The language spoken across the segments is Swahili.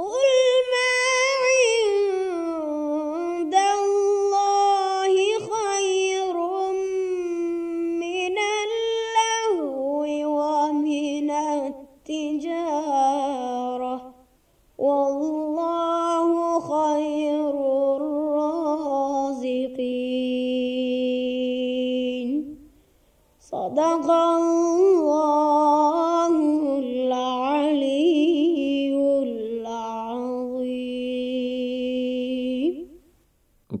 Oh!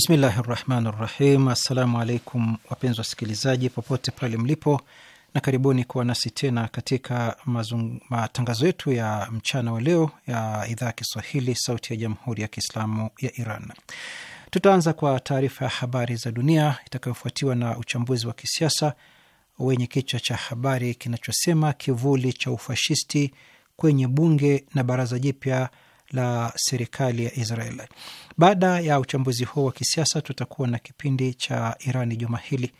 Bismillahi rahmani rahim. Assalamu alaikum wapenzi wasikilizaji popote pale mlipo, na karibuni kuwa nasi tena katika mazung... matangazo yetu ya mchana wa leo ya idhaa ya Kiswahili sauti ya jamhuri ya Kiislamu ya Iran. Tutaanza kwa taarifa ya habari za dunia itakayofuatiwa na uchambuzi wa kisiasa wenye kichwa cha habari kinachosema kivuli cha ufashisti kwenye bunge na baraza jipya la serikali ya Israel. Baada ya uchambuzi huo wa kisiasa, tutakuwa na kipindi cha Irani juma hili,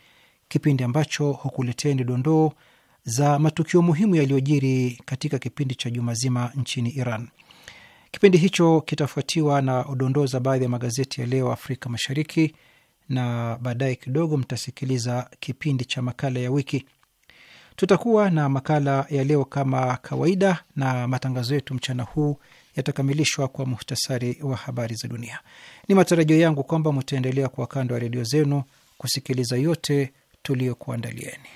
kipindi ambacho hukuleteni dondoo za matukio muhimu yaliyojiri katika kipindi cha juma zima nchini Iran. Kipindi hicho kitafuatiwa na udondoo za baadhi ya magazeti ya leo Afrika Mashariki, na baadaye kidogo mtasikiliza kipindi cha makala ya wiki. Tutakuwa na makala ya leo kama kawaida, na matangazo yetu mchana huu yatakamilishwa kwa muhtasari wa habari za dunia. Ni matarajio yangu kwamba mtaendelea kwa kando ya redio zenu kusikiliza yote tuliyokuandalieni.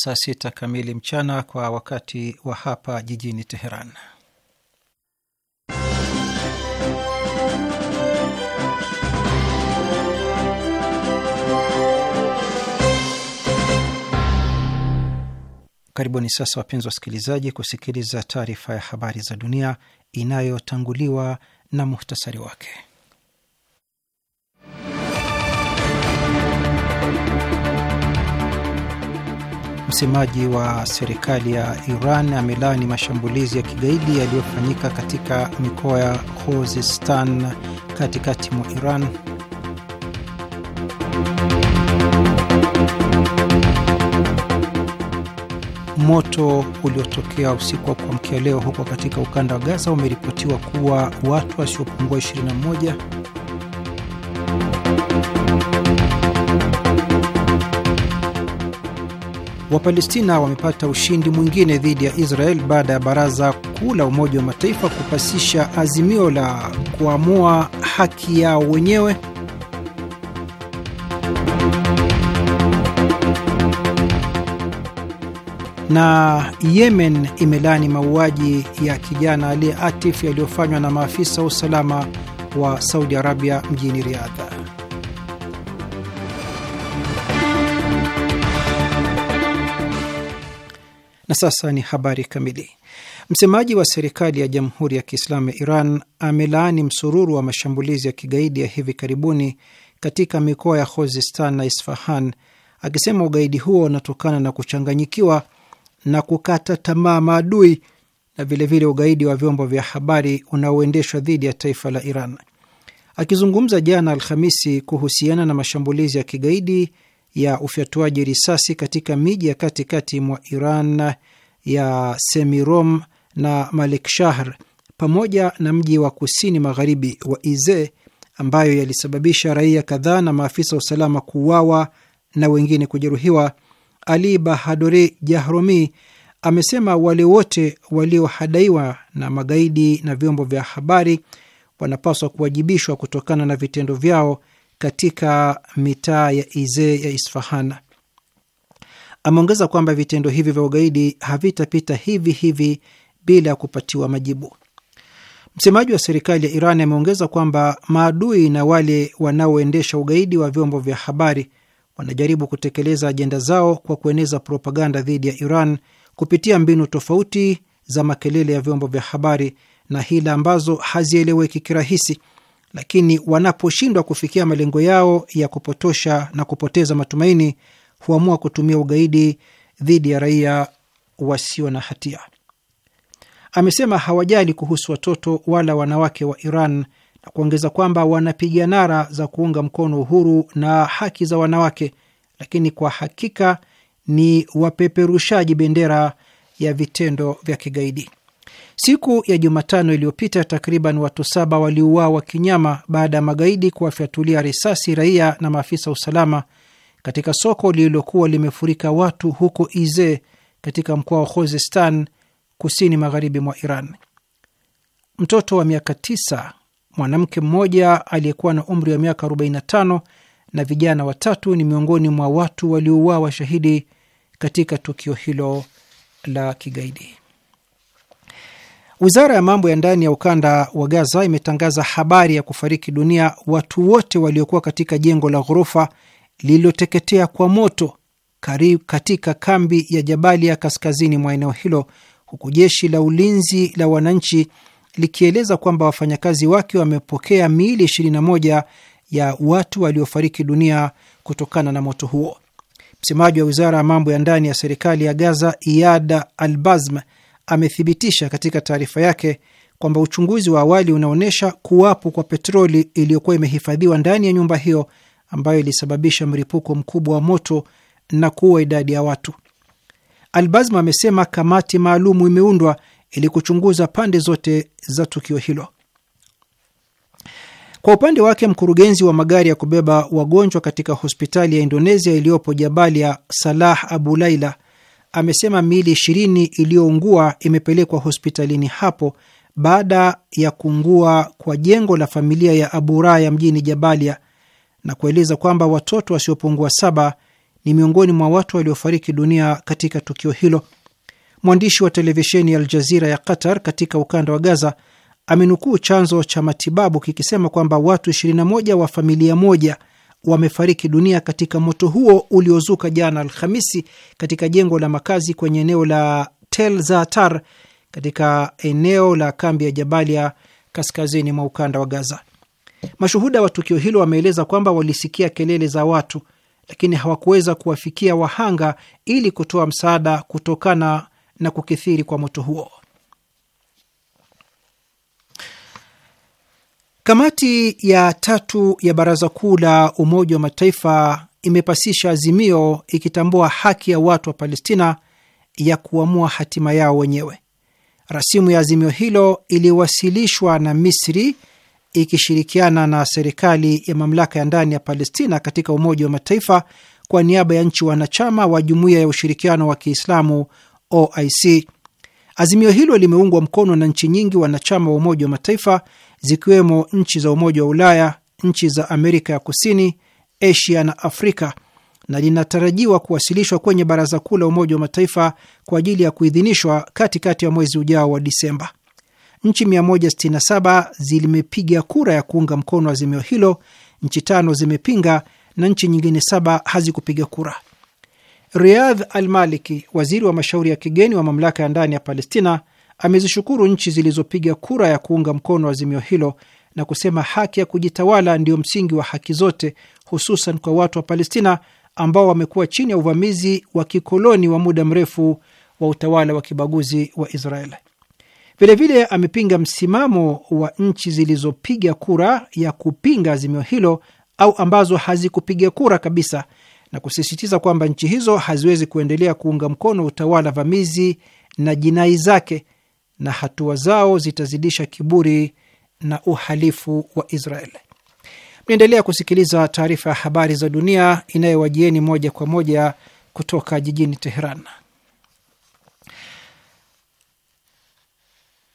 saa sita kamili mchana kwa wakati wa hapa jijini Teheran. Karibuni sasa wapenzi wasikilizaji, kusikiliza taarifa ya habari za dunia inayotanguliwa na muhtasari wake. Msemaji wa serikali ya Iran amelaani mashambulizi ya kigaidi yaliyofanyika katika mikoa ya Khuzestan katikati mwa Iran. Moto uliotokea usiku wa kuamkia leo huko katika ukanda wa Gaza umeripotiwa kuwa watu wasiopungua 21 Wapalestina wamepata ushindi mwingine dhidi ya Israel baada ya Baraza Kuu la Umoja wa Mataifa kupasisha azimio la kuamua haki yao wenyewe. na Yemen imelaani mauaji ya kijana Ali Atif yaliyofanywa na maafisa wa usalama wa Saudi Arabia mjini Riadha. Na sasa ni habari kamili. Msemaji wa serikali ya Jamhuri ya Kiislamu ya Iran amelaani msururu wa mashambulizi ya kigaidi ya hivi karibuni katika mikoa ya Khuzestan na Isfahan, akisema ugaidi huo unatokana na kuchanganyikiwa na kukata tamaa maadui na vilevile ugaidi wa vyombo vya habari unaoendeshwa dhidi ya taifa la Iran. Akizungumza jana Alhamisi kuhusiana na mashambulizi ya kigaidi ya ufyatuaji risasi katika miji ya katikati mwa Iran ya Semirom na shahr pamoja na mji wa kusini magharibi wa Ize ambayo yalisababisha raia kadhaa na maafisa wa usalama kuuawa na wengine kujeruhiwa. Ali Bahadori Jahromi amesema wale wote waliohadaiwa na magaidi na vyombo vya habari wanapaswa kuwajibishwa kutokana na vitendo vyao katika mitaa ya Izee ya Isfahan. Ameongeza kwamba vitendo hivi vya ugaidi havitapita hivi hivi bila ya kupatiwa majibu. Msemaji wa serikali ya Iran ameongeza kwamba maadui na wale wanaoendesha ugaidi wa vyombo vya habari wanajaribu kutekeleza ajenda zao kwa kueneza propaganda dhidi ya Iran kupitia mbinu tofauti za makelele ya vyombo vya habari na hila ambazo hazieleweki kirahisi lakini wanaposhindwa kufikia malengo yao ya kupotosha na kupoteza matumaini huamua kutumia ugaidi dhidi ya raia wasio na hatia. Amesema hawajali kuhusu watoto wala wanawake wa Iran na kuongeza kwamba wanapiga nara za kuunga mkono uhuru na haki za wanawake, lakini kwa hakika ni wapeperushaji bendera ya vitendo vya kigaidi. Siku ya Jumatano iliyopita takriban watu saba waliuawa kinyama baada ya magaidi kuwafyatulia risasi raia na maafisa usalama katika soko lililokuwa limefurika watu huko Ize katika mkoa wa Khuzestan kusini magharibi mwa Iran. Mtoto wa miaka tisa, mwanamke mmoja aliyekuwa na umri wa miaka 45 na vijana watatu ni miongoni mwa watu waliouawa shahidi katika tukio hilo la kigaidi. Wizara ya mambo ya ndani ya ukanda wa Gaza imetangaza habari ya kufariki dunia watu wote waliokuwa katika jengo la ghorofa lililoteketea kwa moto karibu katika kambi ya Jabalia kaskazini mwa eneo hilo, huku jeshi la ulinzi la wananchi likieleza kwamba wafanyakazi wake wamepokea miili 21 ya watu waliofariki dunia kutokana na moto huo. Msemaji wa wizara ya mambo ya ndani ya serikali ya Gaza, Iyad Albazm, amethibitisha katika taarifa yake kwamba uchunguzi wa awali unaonyesha kuwapo kwa petroli iliyokuwa imehifadhiwa ndani ya nyumba hiyo ambayo ilisababisha mlipuko mkubwa wa moto na kuua idadi ya watu. Albazma amesema kamati maalumu imeundwa ili kuchunguza pande zote za tukio hilo. Kwa upande wake, mkurugenzi wa magari ya kubeba wagonjwa katika hospitali ya Indonesia iliyopo Jabalia, Salah Abu Laila, amesema miili ishirini iliyoungua imepelekwa hospitalini hapo baada ya kuungua kwa jengo la familia ya Abu Raya mjini Jabalia, na kueleza kwamba watoto wasiopungua saba ni miongoni mwa watu waliofariki dunia katika tukio hilo. Mwandishi wa televisheni ya Aljazira ya Qatar katika ukanda wa Gaza amenukuu chanzo cha matibabu kikisema kwamba watu 21 wa familia moja wamefariki dunia katika moto huo uliozuka jana Alhamisi katika jengo la makazi kwenye eneo la Tel Zatar katika eneo la kambi ya Jabalia kaskazini mwa ukanda wa Gaza. Mashuhuda wa tukio hilo wameeleza kwamba walisikia kelele za watu, lakini hawakuweza kuwafikia wahanga ili kutoa msaada kutokana na kukithiri kwa moto huo. Kamati ya tatu ya Baraza Kuu la Umoja wa Mataifa imepasisha azimio ikitambua haki ya watu wa Palestina ya kuamua hatima yao wenyewe. Rasimu ya azimio hilo iliwasilishwa na Misri ikishirikiana na serikali ya mamlaka ya ndani ya Palestina katika Umoja wa Mataifa kwa niaba ya nchi wanachama wa Jumuiya ya Ushirikiano wa Kiislamu OIC. Azimio hilo limeungwa mkono na nchi nyingi wanachama wa Umoja wa Mataifa zikiwemo nchi za Umoja wa Ulaya, nchi za Amerika ya Kusini, Asia na Afrika, na linatarajiwa kuwasilishwa kwenye Baraza Kuu la Umoja wa Mataifa kwa ajili ya kuidhinishwa katikati ya mwezi ujao wa Disemba. Nchi 167 zilimepiga kura ya kuunga mkono azimio hilo, nchi tano zimepinga na nchi nyingine saba hazikupiga kura. Riyadh Al Maliki, waziri wa mashauri ya kigeni wa mamlaka ya ndani ya Palestina, amezishukuru nchi zilizopiga kura ya kuunga mkono azimio hilo na kusema haki ya kujitawala ndio msingi wa haki zote, hususan kwa watu wa Palestina ambao wamekuwa chini ya uvamizi wa kikoloni wa muda mrefu wa utawala wa kibaguzi wa Israel. Vilevile amepinga msimamo wa nchi zilizopiga kura ya kupinga azimio hilo au ambazo hazikupiga kura kabisa na kusisitiza kwamba nchi hizo haziwezi kuendelea kuunga mkono utawala vamizi na jinai zake na hatua zao zitazidisha kiburi na uhalifu wa Israel. Mnaendelea kusikiliza taarifa ya habari za dunia inayowajieni moja kwa moja kutoka jijini Teheran.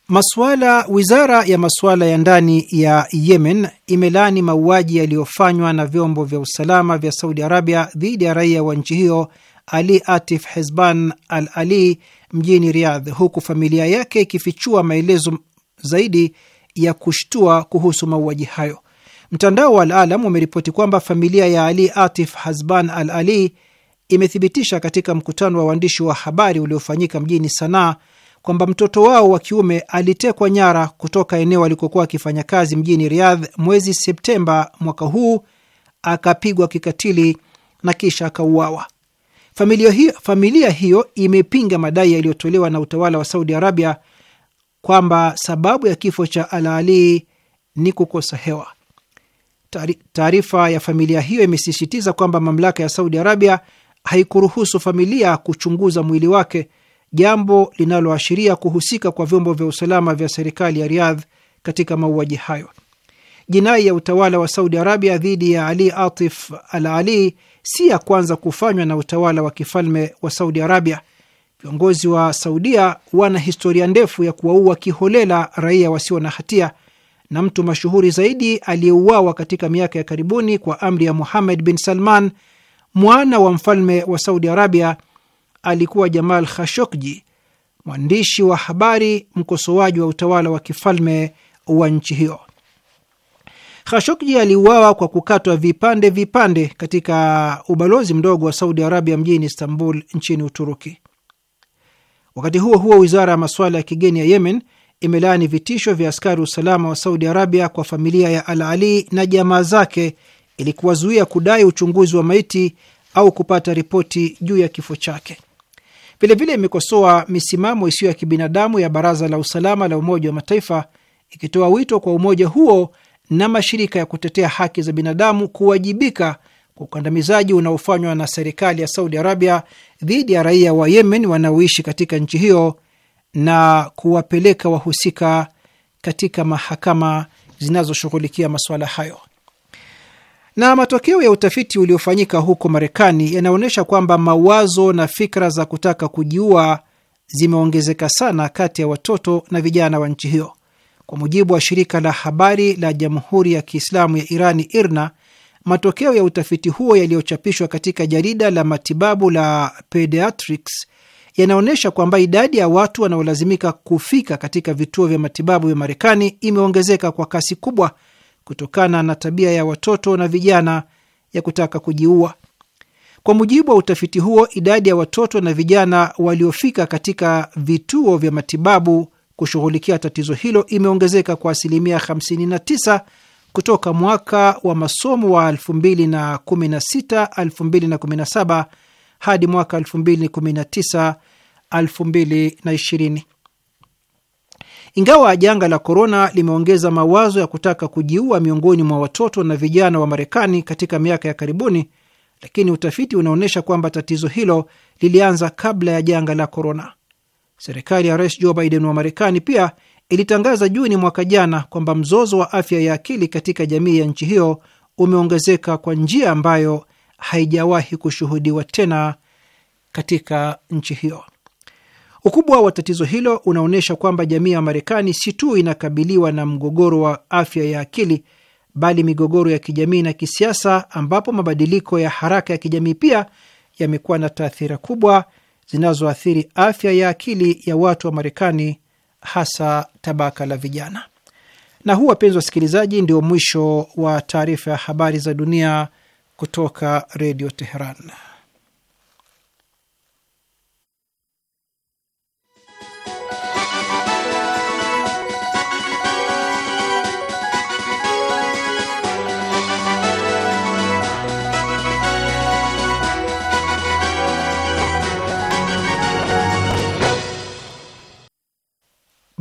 Masuala, wizara ya masuala ya ndani ya Yemen imelaani mauaji yaliyofanywa na vyombo vya usalama vya Saudi Arabia dhidi ya raia wa nchi hiyo ali Atif Hezban Al Ali mjini Riyadh, huku familia yake ikifichua maelezo zaidi ya kushtua kuhusu mauaji hayo. Mtandao wa alalam umeripoti kwamba familia ya Ali Atif hazban Al Ali imethibitisha katika mkutano wa waandishi wa habari uliofanyika mjini Sanaa kwamba mtoto wao wa kiume alitekwa nyara kutoka eneo alikokuwa akifanya kazi mjini Riyadh mwezi Septemba mwaka huu, akapigwa kikatili na kisha akauawa. Familia hiyo, familia hiyo imepinga madai yaliyotolewa na utawala wa Saudi Arabia kwamba sababu ya kifo cha Al Ali ni kukosa hewa. Taarifa ya familia hiyo imesisitiza kwamba mamlaka ya Saudi Arabia haikuruhusu familia kuchunguza mwili wake, jambo linaloashiria kuhusika kwa vyombo vya usalama vya serikali ya Riyadh katika mauaji hayo. Jinai ya utawala wa Saudi Arabia dhidi ya Ali Atif Al Ali si ya kwanza kufanywa na utawala wa kifalme wa Saudi Arabia. Viongozi wa Saudia wana historia ndefu ya kuwaua kiholela raia wasio na hatia, na mtu mashuhuri zaidi aliyeuawa katika miaka ya karibuni kwa amri ya Muhammad bin Salman, mwana wa mfalme wa Saudi Arabia, alikuwa Jamal Khashoggi, mwandishi wa habari, mkosoaji wa utawala wa kifalme wa nchi hiyo. Khashoggi aliuawa kwa kukatwa vipande vipande katika ubalozi mdogo wa Saudi Arabia mjini Istanbul nchini Uturuki. Wakati huo huo, wizara ya masuala ya kigeni ya Yemen imelaani vitisho vya askari usalama wa Saudi Arabia kwa familia ya Al Ali na jamaa zake ili kuwazuia kudai uchunguzi wa maiti au kupata ripoti juu ya kifo chake. Vilevile imekosoa misimamo isiyo ya kibinadamu ya Baraza la Usalama la Umoja wa Mataifa, ikitoa wito kwa umoja huo na mashirika ya kutetea haki za binadamu kuwajibika kwa ukandamizaji unaofanywa na serikali ya Saudi Arabia dhidi ya raia wa Yemen wanaoishi katika nchi hiyo na kuwapeleka wahusika katika mahakama zinazoshughulikia masuala hayo. Na matokeo ya utafiti uliofanyika huko Marekani yanaonyesha kwamba mawazo na fikra za kutaka kujiua zimeongezeka sana kati ya watoto na vijana wa nchi hiyo. Kwa mujibu wa shirika la habari la Jamhuri ya Kiislamu ya Irani, IRNA, matokeo ya utafiti huo yaliyochapishwa katika jarida la matibabu la Pediatrics yanaonyesha kwamba idadi ya watu wanaolazimika kufika katika vituo vya matibabu vya Marekani imeongezeka kwa kasi kubwa kutokana na tabia ya watoto na vijana ya kutaka kujiua. Kwa mujibu wa utafiti huo, idadi ya watoto na vijana waliofika katika vituo vya matibabu kushughulikia tatizo hilo imeongezeka kwa asilimia 59 kutoka mwaka wa masomo wa 2016 2017 hadi mwaka 2019 2020. Ingawa janga la korona limeongeza mawazo ya kutaka kujiua miongoni mwa watoto na vijana wa Marekani katika miaka ya karibuni, lakini utafiti unaonyesha kwamba tatizo hilo lilianza kabla ya janga la korona. Serikali ya Rais Joe Biden wa Marekani pia ilitangaza Juni mwaka jana kwamba mzozo wa afya ya akili katika jamii ya nchi hiyo umeongezeka kwa njia ambayo haijawahi kushuhudiwa tena katika nchi hiyo. Ukubwa wa tatizo hilo unaonyesha kwamba jamii ya Marekani si tu inakabiliwa na mgogoro wa afya ya akili, bali migogoro ya kijamii na kisiasa, ambapo mabadiliko ya haraka ya kijamii pia yamekuwa na taathira kubwa zinazoathiri afya ya akili ya watu wa Marekani, hasa tabaka la vijana. Na huu, wapenzi wasikilizaji, ndio mwisho wa taarifa ya habari za dunia kutoka Redio Teheran.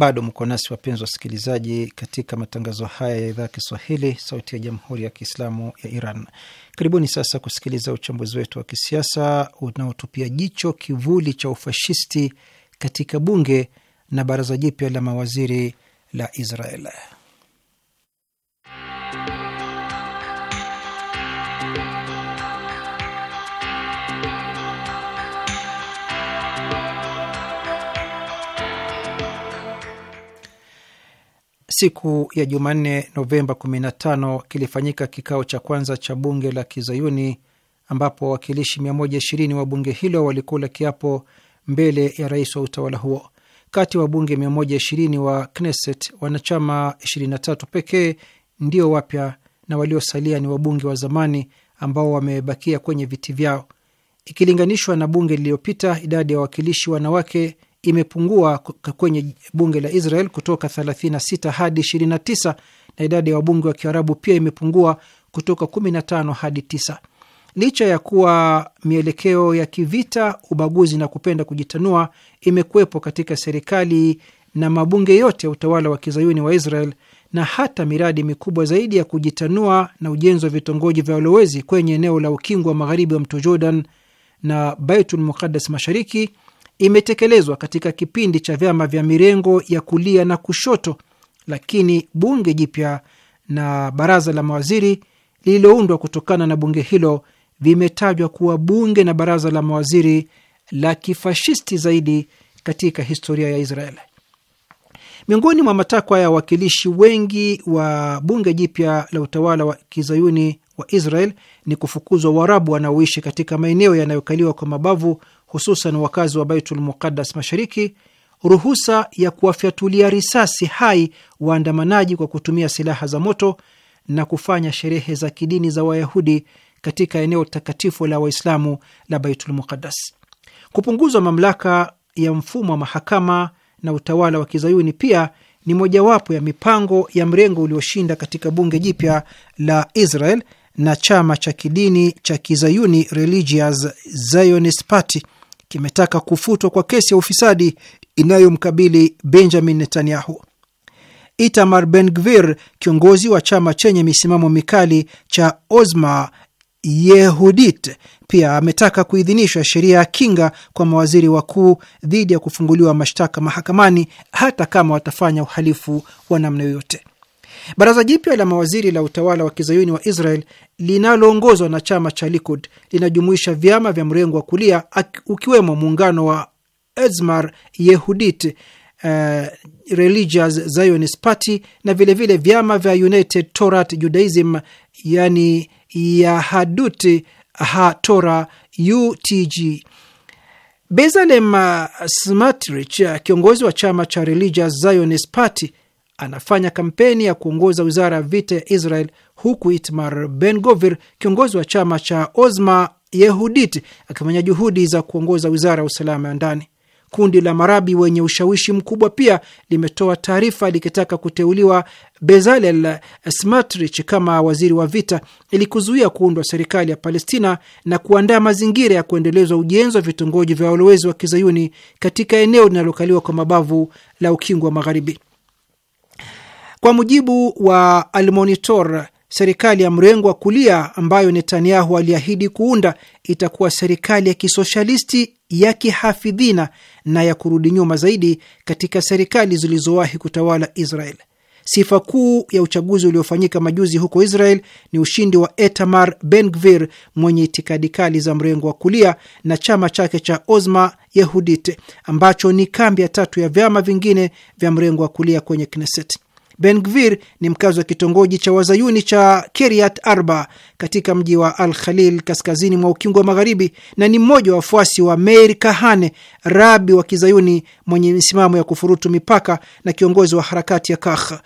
Bado mko nasi wapenzi wasikilizaji, katika matangazo haya ya idhaa ya Kiswahili, sauti ya jamhuri ya kiislamu ya Iran. Karibuni sasa kusikiliza uchambuzi wetu wa kisiasa unaotupia jicho kivuli cha ufashisti katika bunge na baraza jipya la mawaziri la Israel. Siku ya Jumanne, Novemba 15 kilifanyika kikao cha kwanza cha bunge la Kizayuni ambapo wawakilishi 120 wa bunge hilo walikula kiapo mbele ya rais wa utawala huo. Kati wa bunge 120 wa Knesset, wanachama 23 pekee ndio wapya na waliosalia ni wabunge wa zamani ambao wamebakia kwenye viti vyao. Ikilinganishwa na bunge lililopita, idadi ya wawakilishi wanawake imepungua kwenye bunge la Israel kutoka 36 hadi 29 na idadi ya wabunge wa Kiarabu pia imepungua kutoka 15 hadi 9. Licha ya kuwa mielekeo ya kivita, ubaguzi na kupenda kujitanua imekuwepo katika serikali na mabunge yote ya utawala wa kizayuni wa Israel na hata miradi mikubwa zaidi ya kujitanua na ujenzi wa vitongoji vya walowezi kwenye eneo la ukingo wa magharibi wa mto Jordan na Baitul Muqaddas mashariki imetekelezwa katika kipindi cha vyama vya mirengo ya kulia na kushoto, lakini bunge jipya na baraza la mawaziri lililoundwa kutokana na bunge hilo vimetajwa kuwa bunge na baraza la mawaziri la kifashisti zaidi katika historia ya israel Miongoni mwa matakwa ya wawakilishi wengi wa bunge jipya la utawala wa kizayuni wa Israel ni kufukuzwa Waarabu wanaoishi katika maeneo yanayokaliwa kwa mabavu hususan wakazi wa Baitul Muqaddas Mashariki ruhusa ya kuwafyatulia risasi hai waandamanaji kwa kutumia silaha za moto na kufanya sherehe za kidini za Wayahudi katika eneo takatifu la Waislamu la Baitul Muqaddas. Kupunguzwa mamlaka ya mfumo wa mahakama na utawala wa kizayuni pia ni mojawapo ya mipango ya mrengo ulioshinda katika bunge jipya la Israel na chama cha kidini cha kizayuni Religious Zionist Party kimetaka kufutwa kwa kesi ya ufisadi inayomkabili Benjamin Netanyahu. Itamar Ben Gvir, kiongozi wa chama chenye misimamo mikali cha Ozma Yehudit, pia ametaka kuidhinishwa sheria ya kinga kwa mawaziri wakuu dhidi ya kufunguliwa mashtaka mahakamani hata kama watafanya uhalifu wa namna yoyote. Baraza jipya la mawaziri la utawala wa kizayuni wa Israel linaloongozwa na chama cha Likud linajumuisha vyama vya mrengo wa kulia ukiwemo muungano wa Ezmar Yehudit Uh, Religious Zionist Party na vilevile vile vyama vya United Torat Judaism yani Yahadut ha UTG. Bezalem Smotrich, kiongozi wa chama cha Religious Zionist Party, anafanya kampeni ya kuongoza wizara ya vita ya Israel, huku Itmar Ben Govir, kiongozi wa chama cha Ozma Yehudit, akifanya juhudi za kuongoza wizara ya usalama ya ndani. Kundi la marabi wenye ushawishi mkubwa pia limetoa taarifa likitaka kuteuliwa Bezalel Smotrich kama waziri wa vita ili kuzuia kuundwa serikali ya Palestina na kuandaa mazingira ya kuendelezwa ujenzi wa vitongoji vya walowezi wa kizayuni katika eneo linalokaliwa kwa mabavu la Ukingo wa Magharibi. Kwa mujibu wa Almonitor, serikali ya mrengo wa kulia ambayo Netanyahu aliahidi kuunda itakuwa serikali ya kisoshalisti ya kihafidhina na ya kurudi nyuma zaidi katika serikali zilizowahi kutawala Israel. Sifa kuu ya uchaguzi uliofanyika majuzi huko Israel ni ushindi wa Etamar Ben Gvir mwenye itikadi kali za mrengo wa kulia na chama chake cha Ozma Yehudit ambacho ni kambi ya tatu ya vyama vingine vya mrengo wa kulia kwenye Knesset. Ben Gvir ni mkazi wa kitongoji cha wazayuni cha keriat Arba katika mji wa Al Khalil kaskazini mwa ukingo wa Magharibi, na ni mmoja wa wafuasi wa Meir Kahane, rabi wa kizayuni mwenye misimamo ya kufurutu mipaka na kiongozi wa harakati ya kah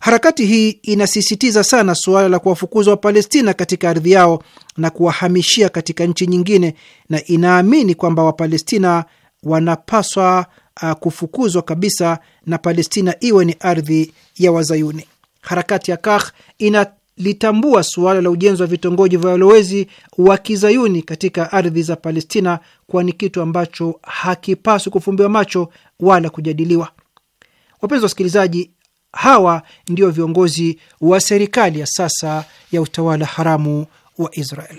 Harakati hii inasisitiza sana suala la kuwafukuza Wapalestina katika ardhi yao na kuwahamishia katika nchi nyingine, na inaamini kwamba Wapalestina wanapaswa uh, kufukuzwa kabisa na Palestina iwe ni ardhi ya Wazayuni. Harakati ya kah inalitambua suala la ujenzi wa vitongoji vya walowezi wa kizayuni katika ardhi za Palestina kuwa ni kitu ambacho hakipaswi kufumbiwa macho wala kujadiliwa. Wapenzi wa wasikilizaji, hawa ndio viongozi wa serikali ya sasa ya utawala haramu wa Israel.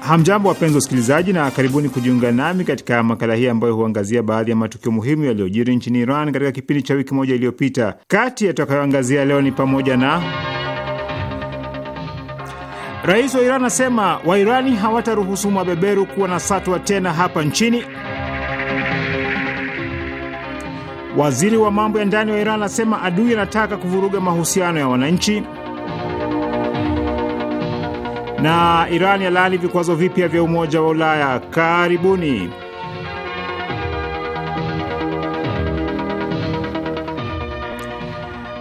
Hamjambo, wapenzi wasikilizaji, na karibuni kujiunga nami katika makala hii ambayo huangazia baadhi ya matukio muhimu yaliyojiri nchini Iran katika kipindi cha wiki moja iliyopita. Kati yatakayoangazia leo ni pamoja na rais wa Iran asema Wairani hawataruhusu mabeberu kuwa na satwa tena hapa nchini. Waziri wa mambo ya ndani wa Iran anasema adui anataka kuvuruga mahusiano ya wananchi na Iran yalaani vikwazo vipya vya Umoja wa Ulaya. Karibuni.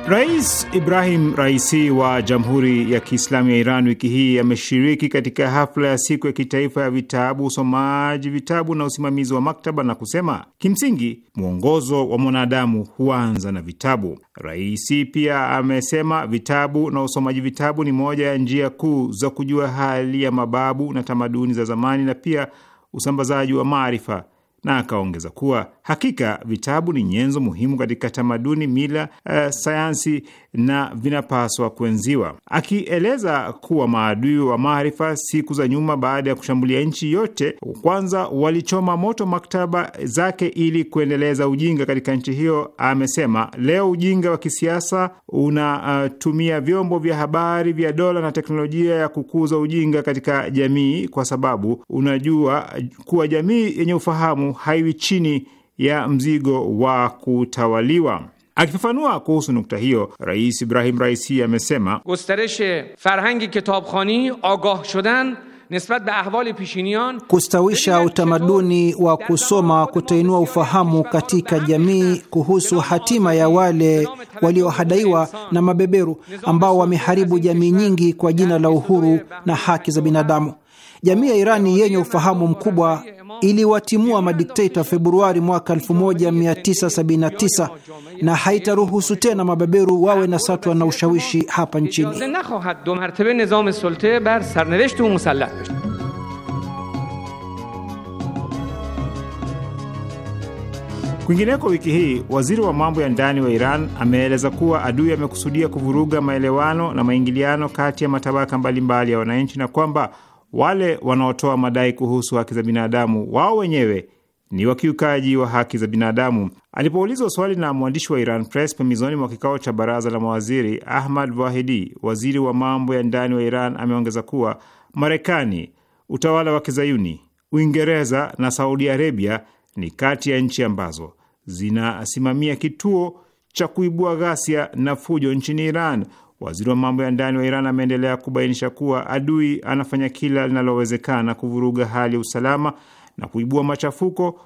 Rais Ibrahim Raisi wa Jamhuri ya Kiislamu ya Iran wiki hii ameshiriki katika hafla ya siku ya kitaifa ya vitabu, usomaji vitabu na usimamizi wa maktaba na kusema, kimsingi mwongozo wa mwanadamu huanza na vitabu. Raisi pia amesema vitabu na usomaji vitabu ni moja ya njia kuu za kujua hali ya mababu na tamaduni za zamani na pia usambazaji wa maarifa na akaongeza kuwa hakika vitabu ni nyenzo muhimu katika tamaduni, mila, uh, sayansi na vinapaswa kuenziwa, akieleza kuwa maadui wa maarifa siku za nyuma, baada ya kushambulia nchi yote, kwanza walichoma moto maktaba zake ili kuendeleza ujinga katika nchi hiyo. Amesema leo ujinga wa kisiasa unatumia uh, vyombo vya habari vya dola na teknolojia ya kukuza ujinga katika jamii, kwa sababu unajua kuwa jamii yenye ufahamu haiwi chini ya mzigo wa kutawaliwa. Akifafanua kuhusu nukta hiyo, Rais Ibrahim Raisi amesema gostareshe farhangi kitabkhani agah shudan kustawisha utamaduni wa kusoma kutainua ufahamu katika jamii kuhusu hatima ya wale waliohadaiwa na mabeberu ambao wameharibu jamii nyingi kwa jina la uhuru na haki za binadamu. Jamii ya Irani yenye ufahamu mkubwa iliwatimua madikteta Februari mwaka 1979 na haitaruhusu tena mabeberu wawe na satwa na ushawishi hapa nchini. Kwingineko, wiki hii waziri wa mambo ya ndani wa Iran ameeleza kuwa adui amekusudia kuvuruga maelewano na maingiliano kati ya matabaka mbalimbali mbali ya wananchi na kwamba wale wanaotoa madai kuhusu haki za binadamu wao wenyewe ni wakiukaji wa haki za binadamu. Alipoulizwa swali na mwandishi wa Iran Press pembezoni mwa kikao cha baraza la mawaziri, Ahmad Vahidi, waziri wa mambo ya ndani wa Iran, ameongeza kuwa Marekani, utawala wa Kizayuni, Uingereza na Saudi Arabia ni kati ya nchi ambazo zinasimamia kituo cha kuibua ghasia na fujo nchini Iran. Waziri wa mambo ya ndani wa Iran ameendelea kubainisha kuwa adui anafanya kila linalowezekana kuvuruga hali ya usalama na kuibua machafuko,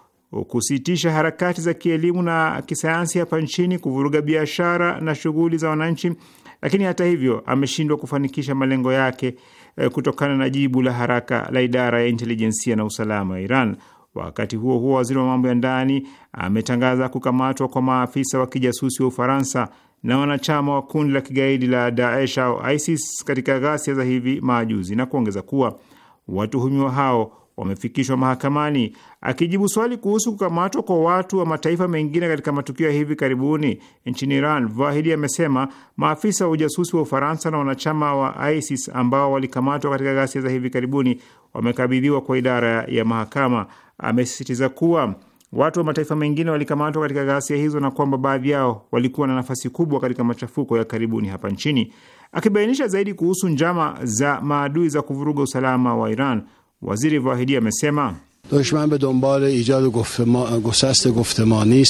kusitisha harakati za kielimu na kisayansi hapa nchini, kuvuruga biashara na shughuli za wananchi, lakini hata hivyo ameshindwa kufanikisha malengo yake eh, kutokana na jibu la haraka la idara ya intelijensia na usalama ya Iran. Wakati huo huo, waziri wa mambo ya ndani ametangaza kukamatwa kwa maafisa wa kijasusi wa Ufaransa na wanachama wa kundi la kigaidi la Daesh au ISIS katika ghasia za hivi majuzi, na kuongeza kuwa watuhumiwa hao wamefikishwa mahakamani. Akijibu swali kuhusu kukamatwa kwa watu wa mataifa mengine katika matukio ya hivi karibuni nchini Iran, Vahidi amesema maafisa wa ujasusi wa Ufaransa na wanachama wa ISIS ambao walikamatwa katika ghasia za hivi karibuni wamekabidhiwa kwa idara ya mahakama. Amesisitiza kuwa Watu wa mataifa mengine walikamatwa katika ghasia hizo na kwamba baadhi yao walikuwa na nafasi kubwa katika machafuko ya karibuni hapa nchini. Akibainisha zaidi kuhusu njama za maadui za kuvuruga usalama wa Iran, waziri Vahidi amesema dushman be dombal ijad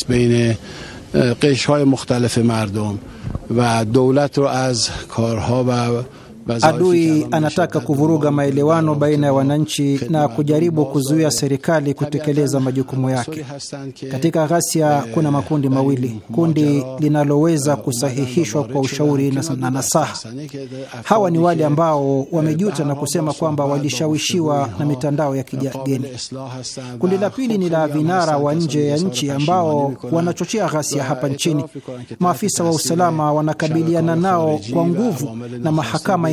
beine qishhay mukhtalif mardom va dowlat ro az karha va Adui anataka kuvuruga maelewano baina ya wananchi na kujaribu kuzuia serikali kutekeleza majukumu yake. Katika ghasia eh, kuna makundi mawili, kundi eh, linaloweza kusahihishwa kwa ushauri na nasaha. Eh, Hawa ni wale ambao wamejuta na kusema kwamba walishawishiwa na mitandao ya kigeni. Kundi la ah, pili ni la vinara wa nje ya nchi ambao wanachochea ghasia hapa nchini. Maafisa wa usalama wanakabiliana nao kwa nguvu na mahakama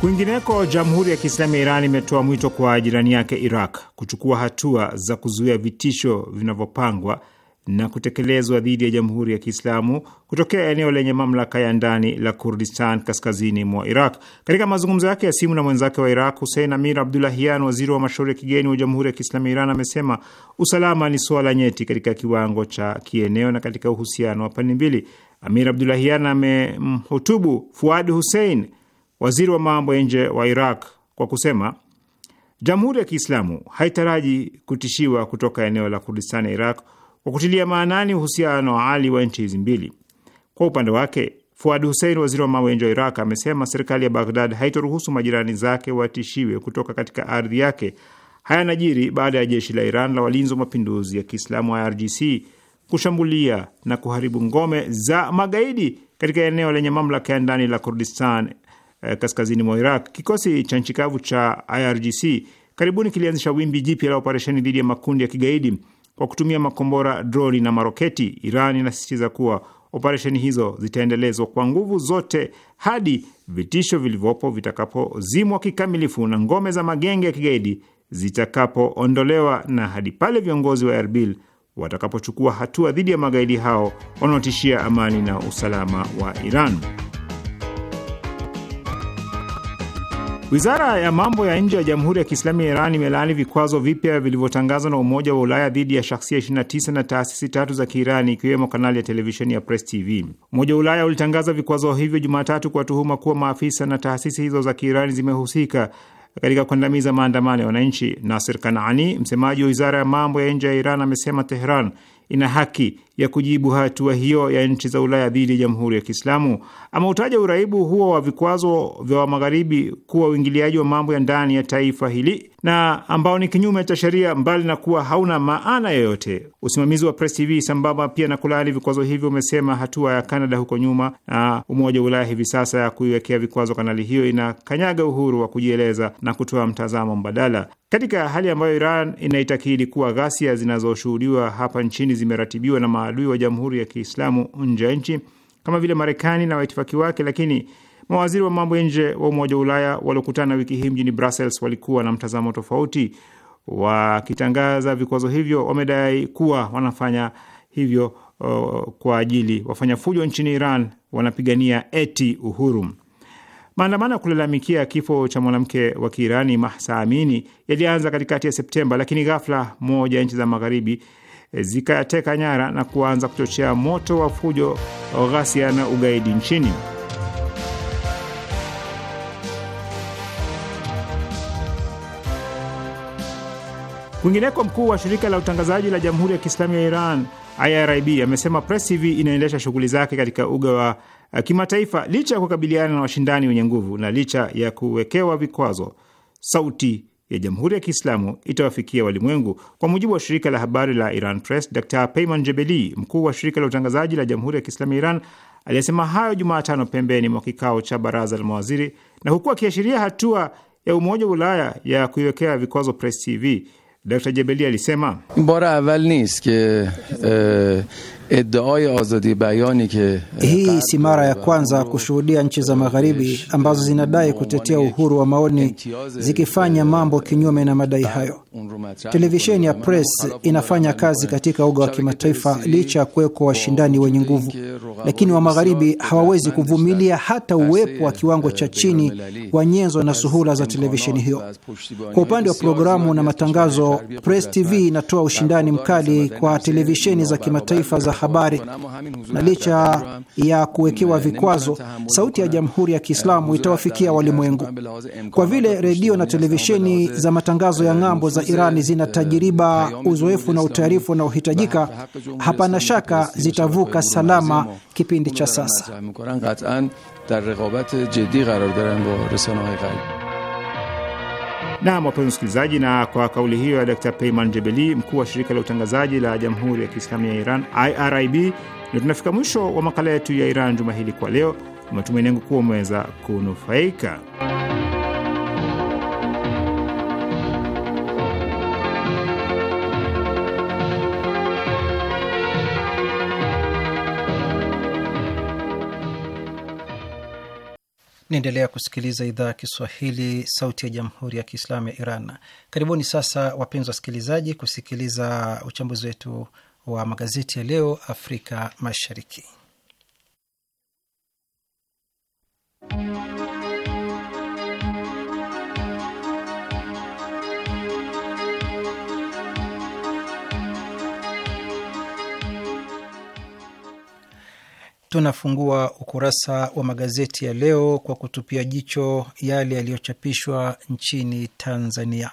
Kwingineko, Jamhuri ya Kiislamu ya Iran imetoa mwito kwa jirani yake Iraq kuchukua hatua za kuzuia vitisho vinavyopangwa na kutekelezwa dhidi ya Jamhuri ya Kiislamu kutokea eneo lenye mamlaka ya ndani la Kurdistan kaskazini mwa Iraq. Katika mazungumzo yake ya simu na mwenzake wa Iraq, husein Amir Abdulahian, waziri wa mashauri ya kigeni wa Jamhuri ya Kiislamu ya Iran, amesema usalama ni suala nyeti katika kiwango cha kieneo na katika uhusiano wa pande mbili. Amir Abdulahian amemhutubu Fuad husein waziri wa mambo ya nje wa Iraq kwa kusema jamhuri ya Kiislamu haitaraji kutishiwa kutoka eneo la Kurdistan ya Iraq, kwa kutilia maanani uhusiano wa ali wa nchi hizi mbili. Kwa upande wake, Fuad Hussein, waziri wa mambo ya nje wa Iraq, amesema serikali ya Baghdad haitoruhusu majirani zake watishiwe kutoka katika ardhi yake. Haya najiri baada ya jeshi la Iran la walinzi wa mapinduzi ya Kiislamu IRGC kushambulia na kuharibu ngome za magaidi katika eneo lenye mamlaka ya ndani la Kurdistan Eh, kaskazini mwa Iraq. Kikosi cha nchi kavu cha IRGC karibuni kilianzisha wimbi jipya la operesheni dhidi ya makundi ya kigaidi kwa kutumia makombora, droni na maroketi. Iran inasisitiza kuwa operesheni hizo zitaendelezwa kwa nguvu zote hadi vitisho vilivyopo vitakapozimwa kikamilifu na ngome za magenge ya kigaidi zitakapoondolewa na hadi pale viongozi wa Erbil watakapochukua hatua dhidi ya magaidi hao wanaotishia amani na usalama wa Iran. Wizara ya mambo ya nje ya Jamhuri ya Kiislamu ya Iran imelaani vikwazo vipya vilivyotangazwa na Umoja wa Ulaya dhidi ya shahsia 29 na taasisi tatu za Kiirani, ikiwemo kanali ya televisheni ya Press TV. Umoja wa Ulaya ulitangaza vikwazo hivyo Jumatatu kwa tuhuma kuwa maafisa na taasisi hizo za Kiirani zimehusika katika kuandamiza maandamano ya wananchi. Nasir Kanaani, msemaji wa wizara ya mambo ya nje ya Iran, amesema teheran ina haki ya kujibu hatua hiyo ya nchi za Ulaya dhidi ya Jamhuri ya Kiislamu. Ameutaja uraibu huo wa vikwazo vya Magharibi kuwa uingiliaji wa mambo ya ndani ya taifa hili na ambao ni kinyume cha sheria, mbali na kuwa hauna maana yoyote. Usimamizi wa Press TV sambamba pia na kulaani vikwazo hivyo umesema hatua ya Kanada huko nyuma na Umoja wa Ulaya hivi sasa ya kuiwekea vikwazo kanali hiyo inakanyaga uhuru wa kujieleza na kutoa mtazamo mbadala katika hali ambayo Iran inaitakidi kuwa ghasia zinazoshuhudiwa hapa nchini zimeratibiwa na maadui wa Jamhuri ya Kiislamu nje ya nchi kama vile Marekani na waitifaki wake, lakini mawaziri wa mambo ya nje wa Umoja wa Ulaya waliokutana wiki hii mjini Brussels walikuwa na mtazamo tofauti. Wakitangaza vikwazo hivyo, wamedai kuwa wanafanya hivyo uh, kwa ajili wafanya fujo nchini Iran wanapigania eti uhuru. Maandamano ya kulalamikia kifo cha mwanamke wa Kiirani Mahsa Amini yalianza katikati ya Septemba, lakini ghafla moja ya nchi za Magharibi Eh, zikayateka nyara na kuanza kuchochea moto wa fujo, ghasia na ugaidi nchini. Kwingineko, mkuu wa shirika la utangazaji la Jamhuri ya Kiislamu ya Iran IRIB amesema Press TV inaendesha shughuli zake katika uga wa eh, kimataifa licha ya kukabiliana na washindani wenye nguvu na licha ya kuwekewa vikwazo. Sauti ya Jamhuri ya Kiislamu itawafikia walimwengu. Kwa mujibu wa shirika la habari la Iran Press, Dr Peyman Jebeli, mkuu wa shirika la utangazaji la Jamhuri ya Kiislamu ya Iran, aliyesema hayo Jumatano pembeni mwa kikao cha baraza la mawaziri na huku akiashiria hatua ya Umoja wa Ulaya ya kuiwekea vikwazo Press TV. Dr Jebeli alisema bora aval ke eh, Eh, Hii si mara ya kwanza kushuhudia nchi za magharibi ambazo zinadai kutetea uhuru wa maoni zikifanya mambo kinyume na madai hayo. Televisheni ya Press inafanya kazi katika uga wa kimataifa licha ya kuwekwa washindani wenye nguvu, eh, lakini wa magharibi hawawezi kuvumilia hata uwepo wa kiwango eh, cha chini wa nyenzo na suhula za televisheni hiyo. Kwa upande wa programu na matangazo, Press TV inatoa ushindani mkali kwa televisheni za kimataifa za habari. Na licha ya kuwekewa vikwazo, sauti ya Jamhuri ya Kiislamu itawafikia walimwengu kwa vile redio na televisheni za matangazo ya eh, ng'ambo za Irani zina eh, tajiriba, uzoefu na utaarifu unaohitajika. Hapana shaka zitavuka salama kipindi cha sasa. Naam, wapenzi msikilizaji, na kwa kauli hiyo ya Dr. Peyman Jebeli, mkuu wa shirika la utangazaji la Jamhuri ya Kiislamu ya Iran IRIB, ndio tunafika mwisho wa makala yetu ya Iran juma hili kwa leo. Matumaini yangu kuwa umeweza kunufaika. Naendelea kusikiliza idhaa ya Kiswahili, sauti ya jamhuri ya kiislamu ya Iran. Karibuni sasa, wapenzi wasikilizaji, kusikiliza uchambuzi wetu wa magazeti ya leo Afrika Mashariki. Tunafungua ukurasa wa magazeti ya leo kwa kutupia jicho yale yaliyochapishwa nchini Tanzania.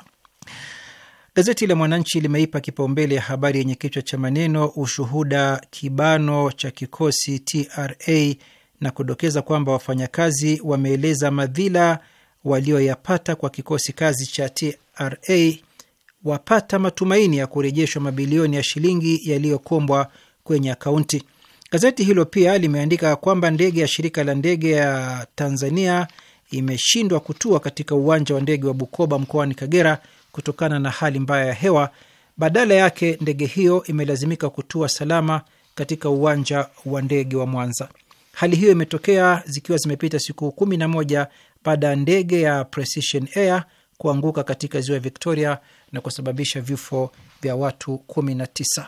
Gazeti la Mwananchi limeipa kipaumbele ya habari yenye kichwa cha maneno ushuhuda kibano cha kikosi TRA na kudokeza kwamba wafanyakazi wameeleza madhila walioyapata kwa kikosi kazi cha TRA, wapata matumaini ya kurejeshwa mabilioni ya shilingi yaliyokombwa kwenye akaunti. Gazeti hilo pia limeandika kwamba ndege ya shirika la ndege ya Tanzania imeshindwa kutua katika uwanja wa ndege wa Bukoba mkoani Kagera kutokana na hali mbaya ya hewa. Badala yake, ndege hiyo imelazimika kutua salama katika uwanja wa ndege wa Mwanza. Hali hiyo imetokea zikiwa zimepita siku kumi na moja baada ya ndege ya Precision Air kuanguka katika ziwa Victoria na kusababisha vifo vya watu 19.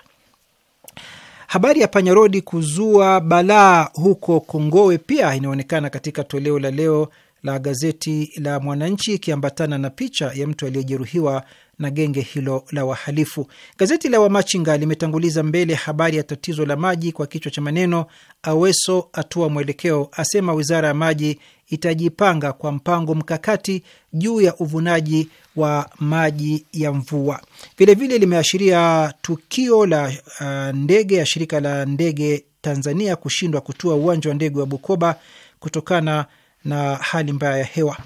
Habari ya panyarodi kuzua balaa huko Kongowe pia inaonekana katika toleo la leo la gazeti la Mwananchi ikiambatana na picha ya mtu aliyejeruhiwa na genge hilo la wahalifu. Gazeti la Wamachinga limetanguliza mbele habari ya tatizo la maji kwa kichwa cha maneno, Aweso atua mwelekeo, asema wizara ya maji itajipanga kwa mpango mkakati juu ya uvunaji wa maji ya mvua. Vilevile limeashiria tukio la uh, ndege ya shirika la ndege Tanzania kushindwa kutua uwanja wa ndege wa Bukoba kutokana na hali mbaya ya hewa.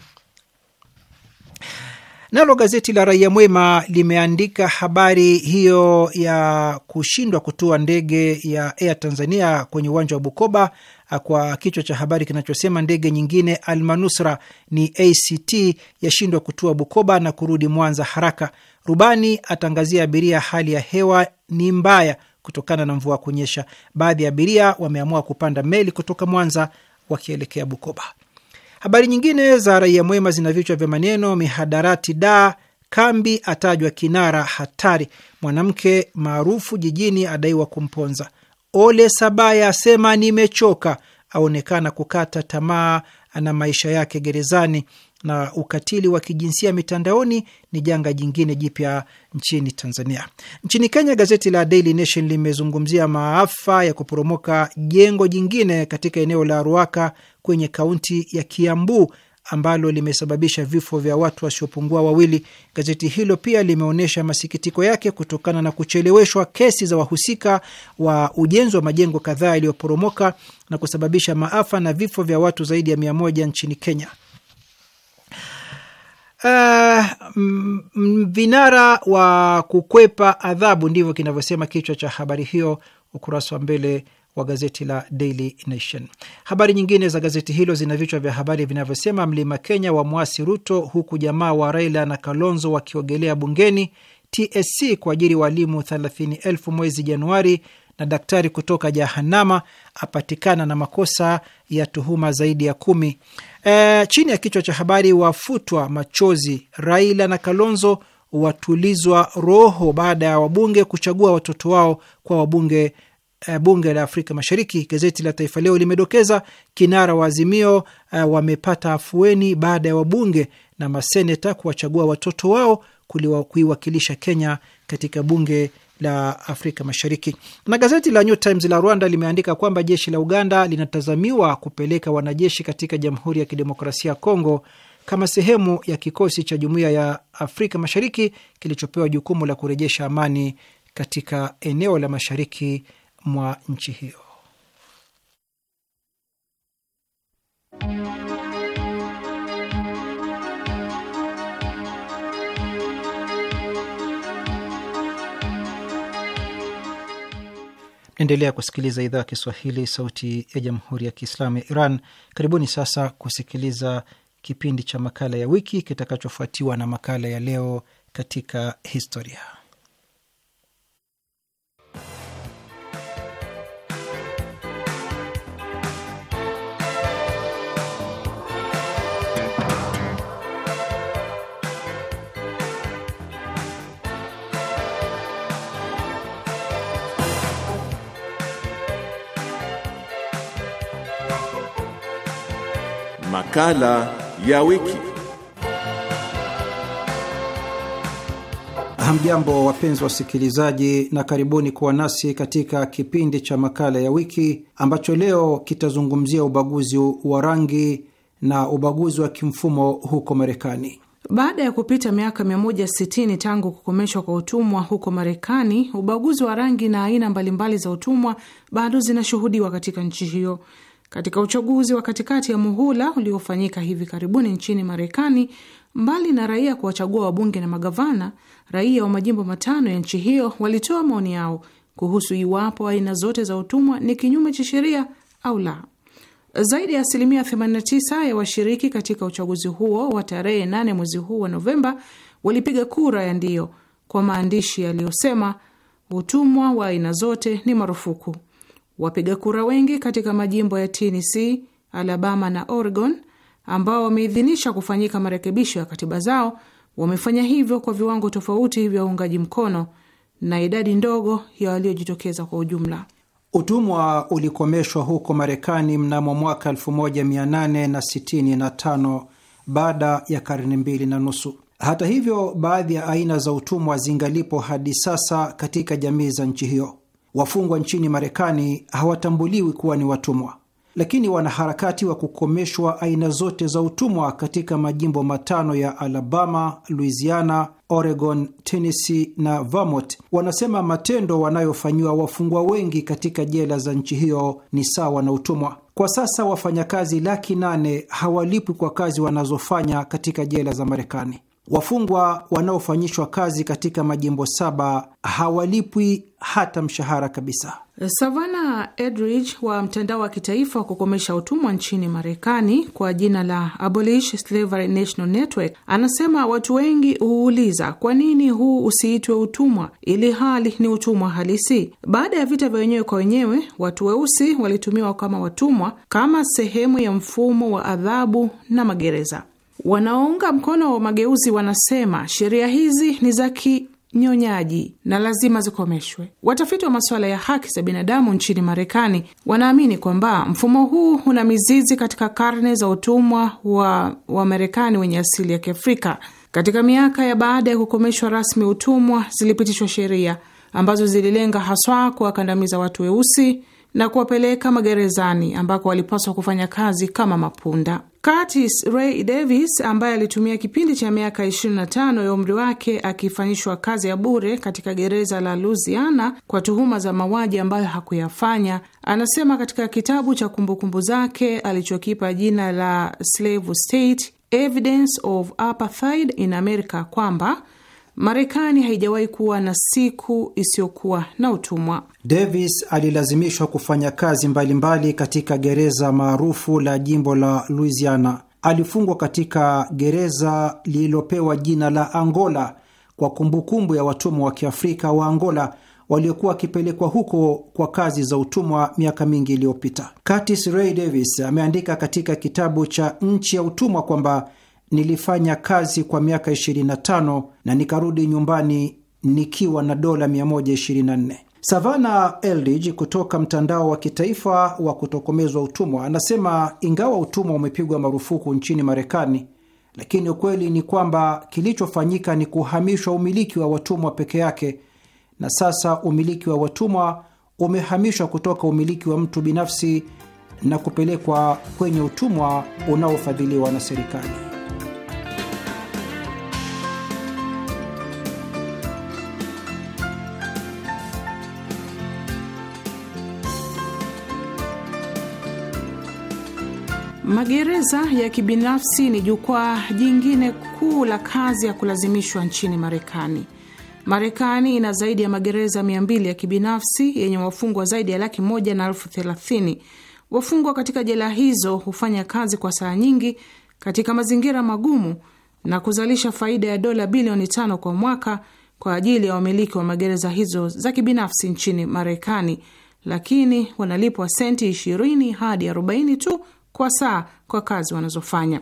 Nalo gazeti la Raia Mwema limeandika habari hiyo ya kushindwa kutua ndege ya Air Tanzania kwenye uwanja wa Bukoba ah, kwa kichwa cha habari kinachosema ndege nyingine almanusra ni ACT yashindwa kutua Bukoba na kurudi Mwanza haraka. Rubani atangazia abiria hali ya hewa ni mbaya kutokana na mvua kunyesha. Baadhi ya abiria wameamua kupanda meli kutoka Mwanza wakielekea Bukoba. Habari nyingine za Raia Mwema zina vichwa vya maneno: mihadarati da Kambi atajwa kinara hatari, mwanamke maarufu jijini adaiwa kumponza, Ole Sabaya asema nimechoka, aonekana kukata tamaa na maisha yake gerezani, na ukatili wa kijinsia mitandaoni ni janga jingine jipya nchini Tanzania. Nchini Kenya, gazeti la Daily Nation limezungumzia maafa ya kuporomoka jengo jingine katika eneo la Ruaka kwenye kaunti ya Kiambu ambalo limesababisha vifo vya watu wasiopungua wawili. Gazeti hilo pia limeonyesha masikitiko yake kutokana na kucheleweshwa kesi za wahusika wa ujenzi wa majengo kadhaa yaliyoporomoka na kusababisha maafa na vifo vya watu zaidi ya mia moja nchini Kenya. Uh, vinara wa kukwepa adhabu, ndivyo kinavyosema kichwa cha habari hiyo, ukurasa wa mbele wa gazeti la Daily Nation. Habari nyingine za gazeti hilo zina vichwa vya habari vinavyosema mlima Kenya wa mwasi Ruto, huku jamaa wa Raila na Kalonzo wakiogelea bungeni, TSC kwa ajili walimu 30,000 mwezi Januari, na daktari kutoka Jahanama apatikana na makosa ya tuhuma zaidi ya kumi. E, chini ya kichwa cha habari wafutwa machozi, Raila na Kalonzo watulizwa roho baada ya wabunge kuchagua watoto wao kwa wabunge Eh, bunge la Afrika Mashariki. Gazeti la Taifa Leo limedokeza kinara wa Azimio uh, wamepata afueni baada ya wabunge na maseneta kuwachagua watoto wao kuiwakilisha Kenya katika bunge la Afrika Mashariki. Na gazeti la New Times la Rwanda limeandika kwamba jeshi la Uganda linatazamiwa kupeleka wanajeshi katika Jamhuri ya Kidemokrasia ya Kongo kama sehemu ya kikosi cha Jumuiya ya Afrika Mashariki kilichopewa jukumu la kurejesha amani katika eneo la mashariki mwa nchi hiyo. Naendelea kusikiliza idhaa ya Kiswahili, sauti ya jamhuri ya kiislamu ya Iran. Karibuni sasa kusikiliza kipindi cha makala ya wiki kitakachofuatiwa na makala ya leo katika historia. Makala ya wiki. Hamjambo, wapenzi wasikilizaji, na karibuni kuwa nasi katika kipindi cha makala ya wiki ambacho leo kitazungumzia ubaguzi wa rangi na ubaguzi wa kimfumo huko Marekani. Baada ya kupita miaka 160 tangu kukomeshwa kwa utumwa huko Marekani, ubaguzi wa rangi na aina mbalimbali za utumwa bado zinashuhudiwa katika nchi hiyo. Katika uchaguzi wa katikati ya muhula uliofanyika hivi karibuni nchini Marekani, mbali na raia kuwachagua wabunge na magavana, raia wa majimbo matano ya nchi hiyo walitoa maoni yao kuhusu iwapo aina zote za utumwa ni kinyume cha sheria au la. Zaidi ya asilimia 89 ya washiriki katika uchaguzi huo wa tarehe 8 mwezi huu wa Novemba walipiga kura ya ndio kwa maandishi yaliyosema utumwa wa aina zote ni marufuku. Wapiga kura wengi katika majimbo ya Tennessee, Alabama na Oregon ambao wameidhinisha kufanyika marekebisho ya katiba zao wamefanya hivyo kwa viwango tofauti vya uungaji mkono na idadi ndogo ya waliojitokeza kwa ujumla. Utumwa ulikomeshwa huko Marekani mnamo mwaka 1865 baada ya karne mbili na nusu. Hata hivyo, baadhi ya aina za utumwa zingalipo hadi sasa katika jamii za nchi hiyo. Wafungwa nchini Marekani hawatambuliwi kuwa ni watumwa, lakini wanaharakati wa kukomeshwa aina zote za utumwa katika majimbo matano ya Alabama, Louisiana, Oregon, Tennessee na Vermont wanasema matendo wanayofanyiwa wafungwa wengi katika jela za nchi hiyo ni sawa na utumwa. Kwa sasa wafanyakazi laki nane hawalipwi kwa kazi wanazofanya katika jela za Marekani. Wafungwa wanaofanyishwa kazi katika majimbo saba hawalipwi hata mshahara kabisa. Savana Edridge wa mtandao wa kitaifa wa kukomesha utumwa nchini Marekani kwa jina la Abolish Slavery National Network anasema watu wengi huuliza kwa nini huu usiitwe utumwa ili hali ni utumwa halisi. Baada ya vita vya wenyewe kwa wenyewe, watu weusi walitumiwa kama watumwa kama sehemu ya mfumo wa adhabu na magereza. Wanaounga mkono wa mageuzi wanasema sheria hizi ni za kinyonyaji na lazima zikomeshwe. Watafiti wa masuala ya haki za binadamu nchini Marekani wanaamini kwamba mfumo huu una mizizi katika karne za utumwa wa Wamarekani wenye asili ya Kiafrika. Katika miaka ya baada ya kukomeshwa rasmi utumwa, zilipitishwa sheria ambazo zililenga haswa kuwakandamiza watu weusi na kuwapeleka magerezani ambako walipaswa kufanya kazi kama mapunda. Curtis Ray Davis ambaye alitumia kipindi cha miaka 25 ya umri wake akifanyishwa kazi ya bure katika gereza la Louisiana kwa tuhuma za mauaji ambayo hakuyafanya, anasema katika kitabu cha kumbukumbu zake alichokipa jina la Slave State Evidence of Apartheid in America kwamba Marekani haijawahi kuwa na siku isiyokuwa na utumwa. Davis alilazimishwa kufanya kazi mbalimbali mbali katika gereza maarufu la jimbo la Louisiana. Alifungwa katika gereza lililopewa jina la Angola kwa kumbukumbu ya watumwa wa Kiafrika wa Angola waliokuwa wakipelekwa huko kwa kazi za utumwa miaka mingi iliyopita. Curtis Ray Davis ameandika katika kitabu cha Nchi ya Utumwa kwamba nilifanya kazi kwa miaka 25 na nikarudi nyumbani nikiwa na dola 124. Savana Eldridge kutoka mtandao wa kitaifa wa kutokomezwa utumwa anasema ingawa utumwa umepigwa marufuku nchini Marekani, lakini ukweli ni kwamba kilichofanyika ni kuhamishwa umiliki wa watumwa peke yake, na sasa umiliki wa watumwa umehamishwa kutoka umiliki wa mtu binafsi na kupelekwa kwenye utumwa unaofadhiliwa na serikali. Magereza ya kibinafsi ni jukwaa jingine kuu la kazi ya kulazimishwa nchini Marekani. Marekani ina zaidi ya magereza 200 ya kibinafsi yenye wafungwa zaidi ya laki moja na elfu thelathini. Wafungwa katika jela hizo hufanya kazi kwa saa nyingi katika mazingira magumu na kuzalisha faida ya dola bilioni tano kwa mwaka kwa ajili ya wamiliki wa magereza hizo za kibinafsi nchini Marekani, lakini wanalipwa senti 20 hadi 40 tu kwa saa kwa kazi wanazofanya.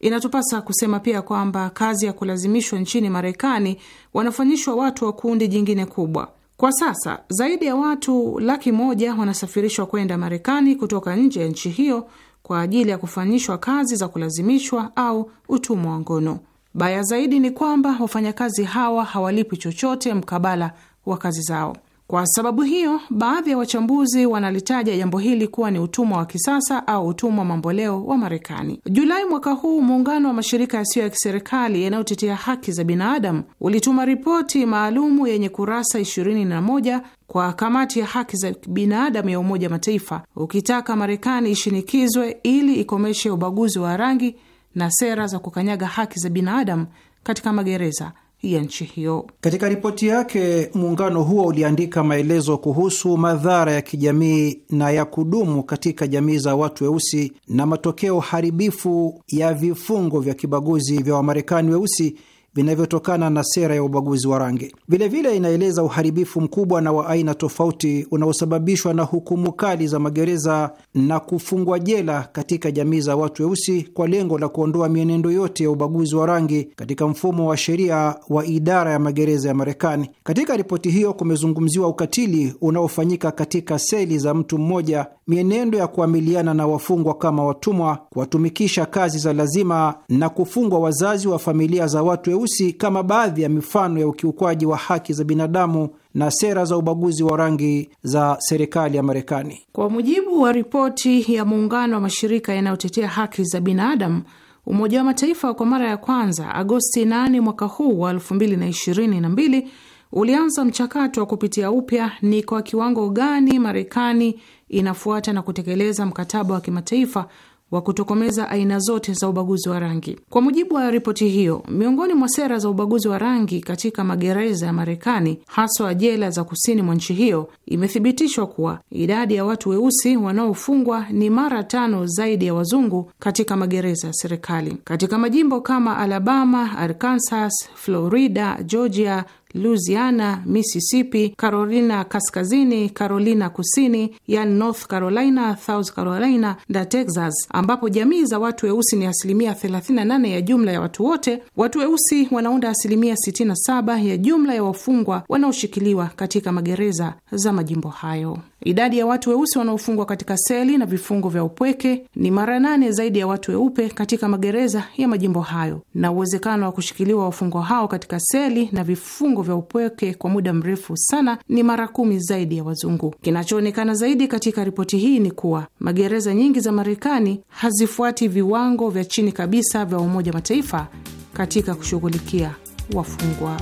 Inatupasa kusema pia kwamba kazi ya kulazimishwa nchini Marekani wanafanyishwa watu wa kundi jingine kubwa. Kwa sasa zaidi ya watu laki moja wanasafirishwa kwenda Marekani kutoka nje ya nchi hiyo kwa ajili ya kufanyishwa kazi za kulazimishwa au utumwa wa ngono. Baya zaidi ni kwamba wafanyakazi hawa hawalipi chochote mkabala wa kazi zao. Kwa sababu hiyo, baadhi ya wachambuzi wanalitaja jambo hili kuwa ni utumwa wa kisasa au utumwa mamboleo wa Marekani. Julai mwaka huu, muungano wa mashirika yasiyo ya kiserikali yanayotetea haki za binadamu ulituma ripoti maalumu yenye kurasa 21 kwa kamati ya haki za binadamu ya Umoja wa Mataifa ukitaka Marekani ishinikizwe ili ikomeshe ubaguzi wa rangi na sera za kukanyaga haki za binadamu katika magereza ya nchi hiyo. Katika ripoti yake, muungano huo uliandika maelezo kuhusu madhara ya kijamii na ya kudumu katika jamii za watu weusi na matokeo haribifu ya vifungo vya kibaguzi vya Wamarekani weusi vinavyotokana na sera ya ubaguzi wa rangi. Vilevile inaeleza uharibifu mkubwa na wa aina tofauti unaosababishwa na hukumu kali za magereza na kufungwa jela katika jamii za watu weusi kwa lengo la kuondoa mienendo yote ya ubaguzi wa rangi katika mfumo wa sheria wa idara ya magereza ya Marekani. Katika ripoti hiyo kumezungumziwa ukatili unaofanyika katika seli za mtu mmoja, mienendo ya kuamiliana na wafungwa kama watumwa, kuwatumikisha kazi za lazima na kufungwa wazazi wa familia za watu weusi kama baadhi ya mifano ya ukiukwaji wa haki za binadamu na sera za ubaguzi wa rangi za serikali ya Marekani. Kwa mujibu wa ripoti ya muungano wa mashirika yanayotetea haki za binadamu, Umoja wa Mataifa kwa mara ya kwanza Agosti 8 mwaka huu wa 2022 ulianza mchakato wa kupitia upya ni kwa kiwango gani Marekani inafuata na kutekeleza mkataba wa kimataifa wa kutokomeza aina zote za ubaguzi wa rangi. Kwa mujibu wa ripoti hiyo, miongoni mwa sera za ubaguzi wa rangi katika magereza ya Marekani, haswa jela za kusini mwa nchi hiyo, imethibitishwa kuwa idadi ya watu weusi wanaofungwa ni mara tano zaidi ya wazungu katika magereza ya serikali. Katika majimbo kama Alabama, Arkansas, Florida, Georgia, Louisiana, Mississippi, Carolina Kaskazini, Carolina Kusini, yani North Carolina, South Carolina na Texas, ambapo jamii za watu weusi ni asilimia 38 ya jumla ya watu wote. Watu weusi wanaunda asilimia 67 ya jumla ya wafungwa wanaoshikiliwa katika magereza za majimbo hayo. Idadi ya watu weusi wanaofungwa katika seli na vifungo vya upweke ni mara nane zaidi ya watu weupe katika magereza ya majimbo hayo, na uwezekano wa kushikiliwa wafungwa hao katika seli na vifungo vya upweke kwa muda mrefu sana ni mara kumi zaidi ya wazungu. Kinachoonekana zaidi katika ripoti hii ni kuwa magereza nyingi za Marekani hazifuati viwango vya chini kabisa vya Umoja Mataifa katika kushughulikia wafungwa.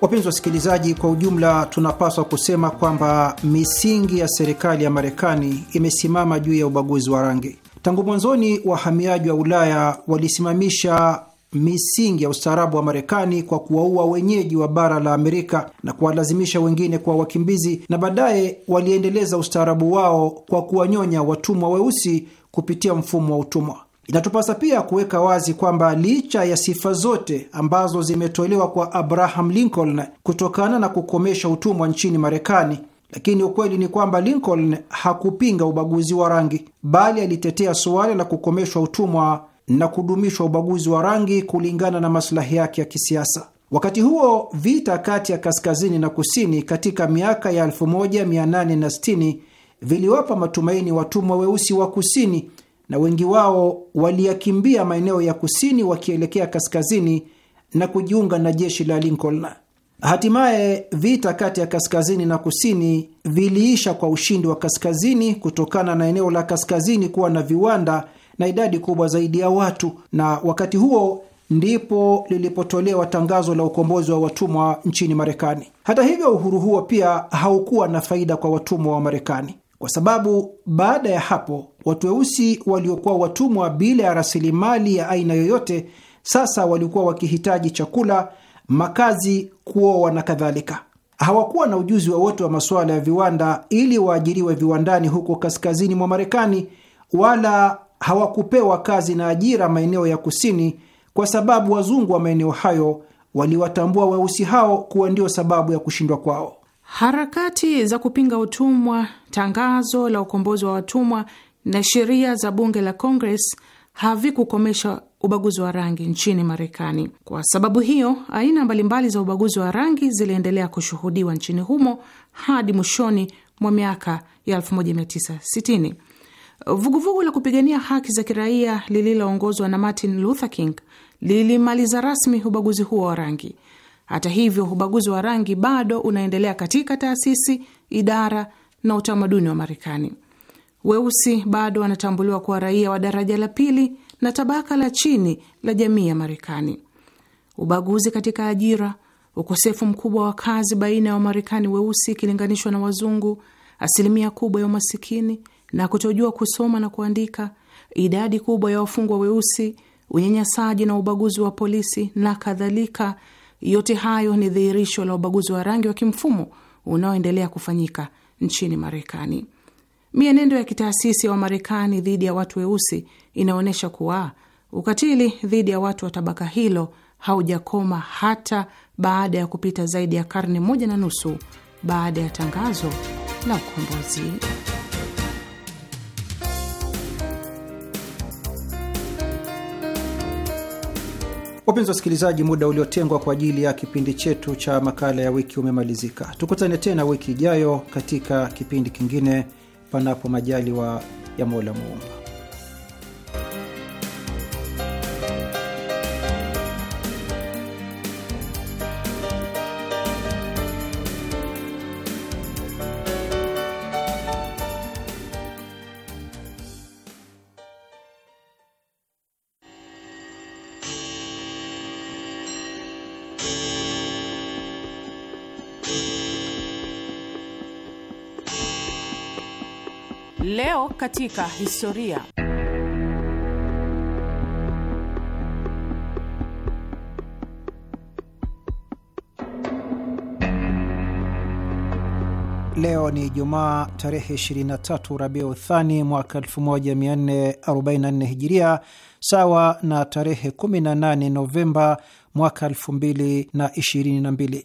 Wapenzi wasikilizaji, kwa ujumla tunapaswa kusema kwamba misingi ya serikali ya Marekani imesimama juu ya ubaguzi wa rangi. Tangu mwanzoni, wahamiaji wa Ulaya walisimamisha misingi ya ustaarabu wa Marekani kwa kuwaua wenyeji wa bara la Amerika na kuwalazimisha wengine kuwa wakimbizi, na baadaye waliendeleza ustaarabu wao kwa kuwanyonya watumwa weusi kupitia mfumo wa utumwa. Inatupasa pia kuweka wazi kwamba licha ya sifa zote ambazo zimetolewa kwa Abraham Lincoln kutokana na kukomesha utumwa nchini Marekani, lakini ukweli ni kwamba Lincoln hakupinga ubaguzi wa rangi, bali alitetea suala la kukomeshwa utumwa na kudumishwa ubaguzi wa rangi kulingana na masilahi yake ya kisiasa. Wakati huo vita kati ya kaskazini na kusini katika miaka ya 1860 viliwapa matumaini watumwa weusi wa kusini na wengi wao waliyakimbia maeneo ya kusini wakielekea kaskazini na kujiunga na jeshi la Lincoln. Hatimaye vita kati ya kaskazini na kusini viliisha kwa ushindi wa kaskazini kutokana na eneo la kaskazini kuwa na viwanda na idadi kubwa zaidi ya watu, na wakati huo ndipo lilipotolewa tangazo la ukombozi wa watumwa nchini Marekani. Hata hivyo, uhuru huo pia haukuwa na faida kwa watumwa wa Marekani, kwa sababu baada ya hapo Watu weusi waliokuwa watumwa bila ya rasilimali ya aina yoyote, sasa walikuwa wakihitaji chakula, makazi, kuoa na kadhalika. Hawakuwa na ujuzi wowote wa, wa masuala ya viwanda ili waajiriwe viwandani huko kaskazini mwa Marekani, wala hawakupewa kazi na ajira maeneo ya kusini, kwa sababu wazungu wa maeneo hayo waliwatambua weusi hao kuwa ndio sababu ya kushindwa kwao. Harakati za kupinga utumwa, tangazo la ukombozi wa watumwa na sheria za bunge la Congress havikukomesha ubaguzi wa rangi nchini Marekani. Kwa sababu hiyo, aina mbalimbali za ubaguzi wa rangi ziliendelea kushuhudiwa nchini humo hadi mwishoni mwa miaka ya 1960. Vuguvugu la kupigania haki za kiraia lililoongozwa na Martin Luther King lilimaliza rasmi ubaguzi huo wa rangi. Hata hivyo, ubaguzi wa rangi bado unaendelea katika taasisi, idara na utamaduni wa Marekani. Weusi bado wanatambuliwa kuwa raia wa daraja la pili na tabaka la chini la jamii ya Marekani. Ubaguzi katika ajira, ukosefu mkubwa wa kazi baina ya Wamarekani weusi ikilinganishwa na wazungu, asilimia kubwa ya umasikini na kutojua kusoma na kuandika, idadi kubwa ya wafungwa weusi, unyanyasaji na ubaguzi wa polisi na kadhalika. Yote hayo ni dhihirisho la ubaguzi wa rangi wa kimfumo unaoendelea kufanyika nchini Marekani. Mienendo ya kitaasisi ya Wamarekani dhidi ya watu weusi inaonyesha kuwa ukatili dhidi ya watu wa tabaka hilo haujakoma hata baada ya kupita zaidi ya karne moja na nusu baada ya tangazo la ukombozi. Wapenzi wasikilizaji, muda uliotengwa kwa ajili ya kipindi chetu cha makala ya wiki umemalizika. Tukutane tena wiki ijayo katika kipindi kingine panapo majaliwa ya Mola Muumba. katika historia. Leo ni Jumaa tarehe 23 Rabiu Thani mwaka 1444 Hijiria, sawa na tarehe 18 Novemba mwaka mbili.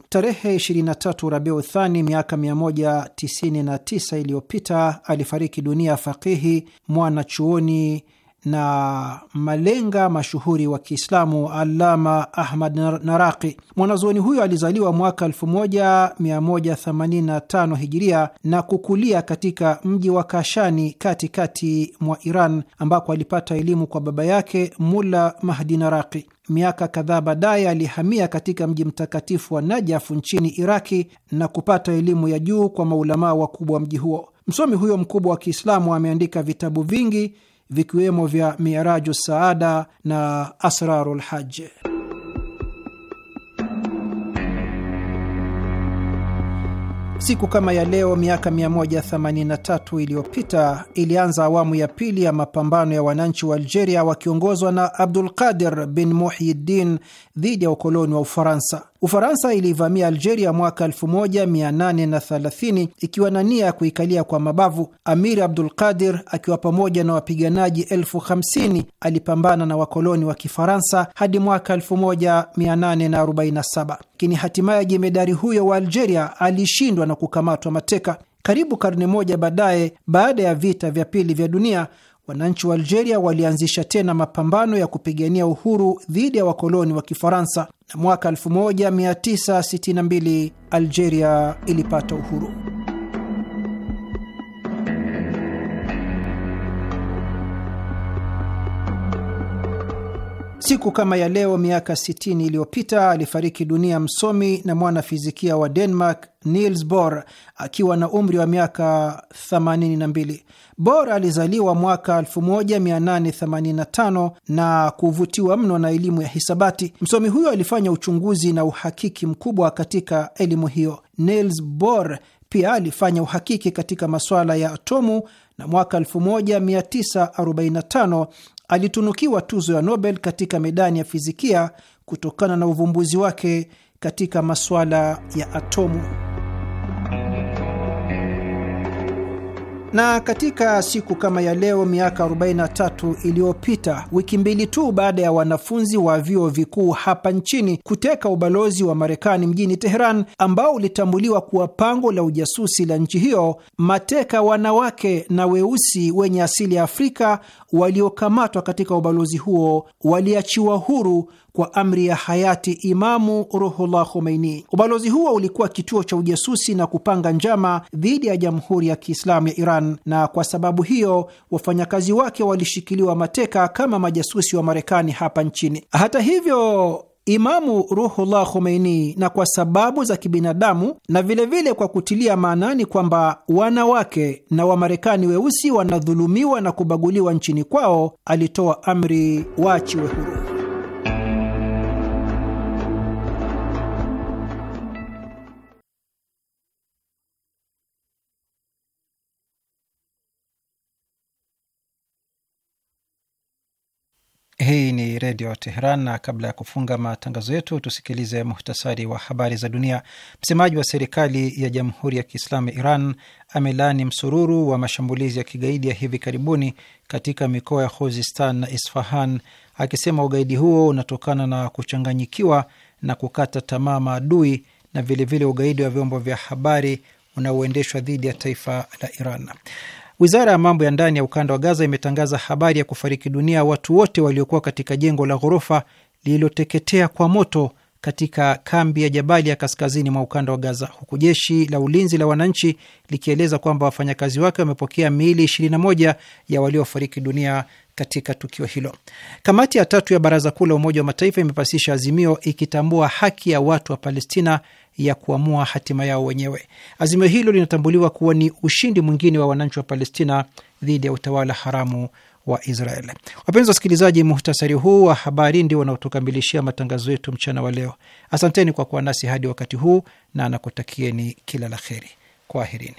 Tarehe 23 Rabiu Thani miaka 199 iliyopita alifariki dunia mwana mwanachuoni na malenga mashuhuri wa Kiislamu alama Ahmad Naraqi. Mwanazuoni huyo alizaliwa mwaka 1185 Hijiria na kukulia katika mji wa Kashani katikati mwa Iran, ambako alipata elimu kwa baba yake Mulla Mahdi Naraqi. Miaka kadhaa baadaye alihamia katika mji mtakatifu wa Najafu nchini Iraki na kupata elimu ya juu kwa maulamaa wakubwa wa mji huo. Msomi huyo mkubwa wa Kiislamu ameandika vitabu vingi vikiwemo vya Miraju Saada na Asraru lhaj. Siku kama ya leo miaka 183 iliyopita ilianza awamu ya pili ya mapambano ya wananchi wa Algeria wakiongozwa na Abdul Qadir bin Muhyiddin dhidi ya ukoloni wa Ufaransa. Ufaransa ilivamia Algeria mwaka 1830 ikiwa na nia ya kuikalia kwa mabavu. Amir Abdul Qadir akiwa pamoja na wapiganaji elfu hamsini alipambana na wakoloni wa Kifaransa hadi mwaka 1847, lakini hatimaye jemedari huyo wa Algeria alishindwa na kukamatwa mateka. Karibu karne moja baadaye, baada ya vita vya pili vya dunia, wananchi wa Algeria walianzisha tena mapambano ya kupigania uhuru dhidi ya wakoloni wa Kifaransa na mwaka 1962 Algeria ilipata uhuru. Siku kama ya leo miaka 60 iliyopita alifariki dunia msomi na mwanafizikia wa Denmark Niels Bohr akiwa na umri wa miaka 82. Bohr alizaliwa mwaka 1885 na kuvutiwa mno na elimu ya hisabati. Msomi huyo alifanya uchunguzi na uhakiki mkubwa katika elimu hiyo. Niels Bohr pia alifanya uhakiki katika masuala ya atomu na mwaka 1945 alitunukiwa tuzo ya Nobel katika medani ya fizikia kutokana na uvumbuzi wake katika masuala ya atomu. Na katika siku kama ya leo miaka 43 iliyopita, wiki mbili tu baada ya wanafunzi wa vyuo vikuu hapa nchini kuteka ubalozi wa Marekani mjini Teheran, ambao ulitambuliwa kuwa pango la ujasusi la nchi hiyo, mateka wanawake na weusi wenye asili ya Afrika waliokamatwa katika ubalozi huo waliachiwa huru kwa amri ya hayati Imamu Ruhullah Khomeini. Ubalozi huo ulikuwa kituo cha ujasusi na kupanga njama dhidi ya Jamhuri ya Kiislamu ya Iran, na kwa sababu hiyo wafanyakazi wake walishikiliwa mateka kama majasusi wa Marekani hapa nchini. Hata hivyo Imamu Ruhullah Khomeini, na kwa sababu za kibinadamu na vilevile vile kwa kutilia maanani kwamba wanawake na Wamarekani weusi wanadhulumiwa na kubaguliwa nchini kwao, alitoa amri waachiwe huru. Hii ni Redio Teheran, na kabla ya kufunga matangazo yetu tusikilize muhtasari wa habari za dunia. Msemaji wa serikali ya Jamhuri ya Kiislamu ya Iran amelaani msururu wa mashambulizi ya kigaidi ya hivi karibuni katika mikoa ya Khuzistan na Isfahan, akisema ugaidi huo unatokana na kuchanganyikiwa na kukata tamaa maadui na vilevile ugaidi wa vyombo vya habari unaoendeshwa dhidi ya taifa la Iran. Wizara ya mambo ya ndani ya ukanda wa Gaza imetangaza habari ya kufariki dunia watu wote waliokuwa katika jengo la ghorofa lililoteketea kwa moto katika kambi ya Jabali ya kaskazini mwa ukanda wa Gaza, huku jeshi la ulinzi la wananchi likieleza kwamba wafanyakazi wake wamepokea miili 21 ya waliofariki dunia katika tukio hilo. Kamati ya tatu ya Baraza Kuu la Umoja wa Mataifa imepasisha azimio ikitambua haki ya watu wa Palestina ya kuamua hatima yao wenyewe. Azimio hilo linatambuliwa kuwa ni ushindi mwingine wa wananchi wa Palestina dhidi ya utawala haramu wa Israel. Wapenzi wasikilizaji, muhtasari huu wa habari ndio wanaotukamilishia matangazo yetu mchana wa leo. Asanteni kwa kuwa nasi hadi wakati huu na nakutakieni kila la heri. Kwaherini.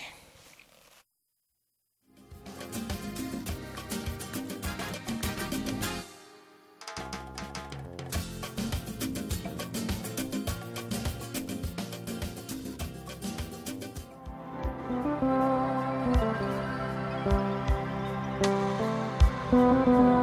thank you